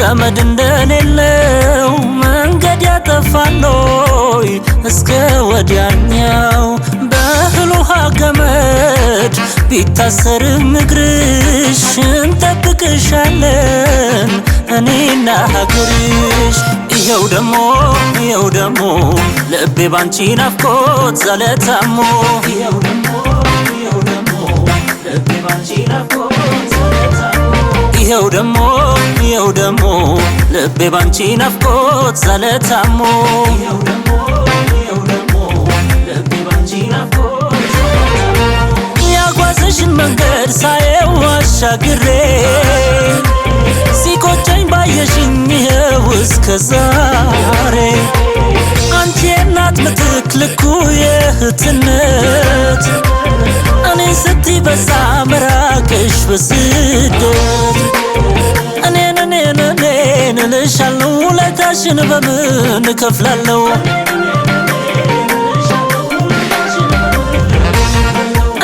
ዘመድ እንደሌለው መንገድ ያጠፋለይ እስከ ወዲያኛው በእህል ውሃ ገመድ ቢታሰርም እግርሽ እንጠብቅሻለን እኔና ሀገርሽ። ይኸው ደሞ ይኸው ደሞ ልቤ ባንቺ ናፍቆት ዘለታሞ ይኸው ደሞ ልቤ ባንቺ ናፍቆት ዛለ ያጓዘሽን መንገድ ሳየው አሻግሬ ሲቆጨኝ ባየሽኝ ይኸው እስከ ዛሬ አንቺ የእናት ምትክ ልኩ የእህትነት እኔ ስቲ በዛ መራቅሽ በስደት ሁላሽን በምን እከፍላለው?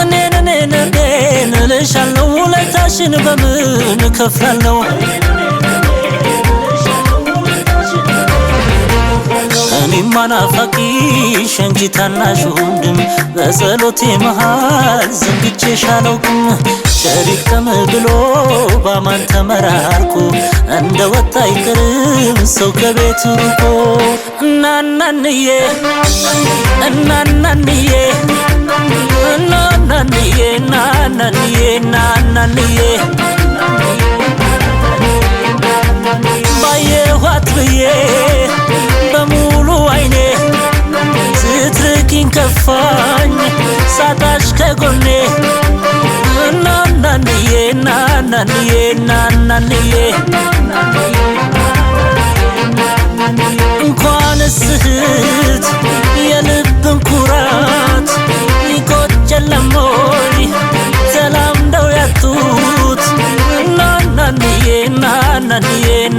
እኔን እኔን እኔን እልሻለው ሁለታሽን በምን እከፍላለው? እኔማ ናፋቂሽ አንቺ ታናሽ ወንድም በጸሎቴ መሃል ዘንግቼሽ አላውቅም። ሸሪክም ብሎ ባማን ተመራርኩ እንደ ወጣ አይቀርም ሰው ከቤት ርቆ እናናንዬ እናናንዬ እናናንዬ እናናንዬ እናናንዬ ባየኋት ብዬ በሙሉ አይኔ ስትርቂኝ ከፋ ሳቃሽ ከጎኔ እናናንዬ ናናንዬ ናናንዬ እንኳን ስህት የልብን ኩራት ይቆጨለሞይ ተላምደው ያጡት ናናንዬ ናናንዬ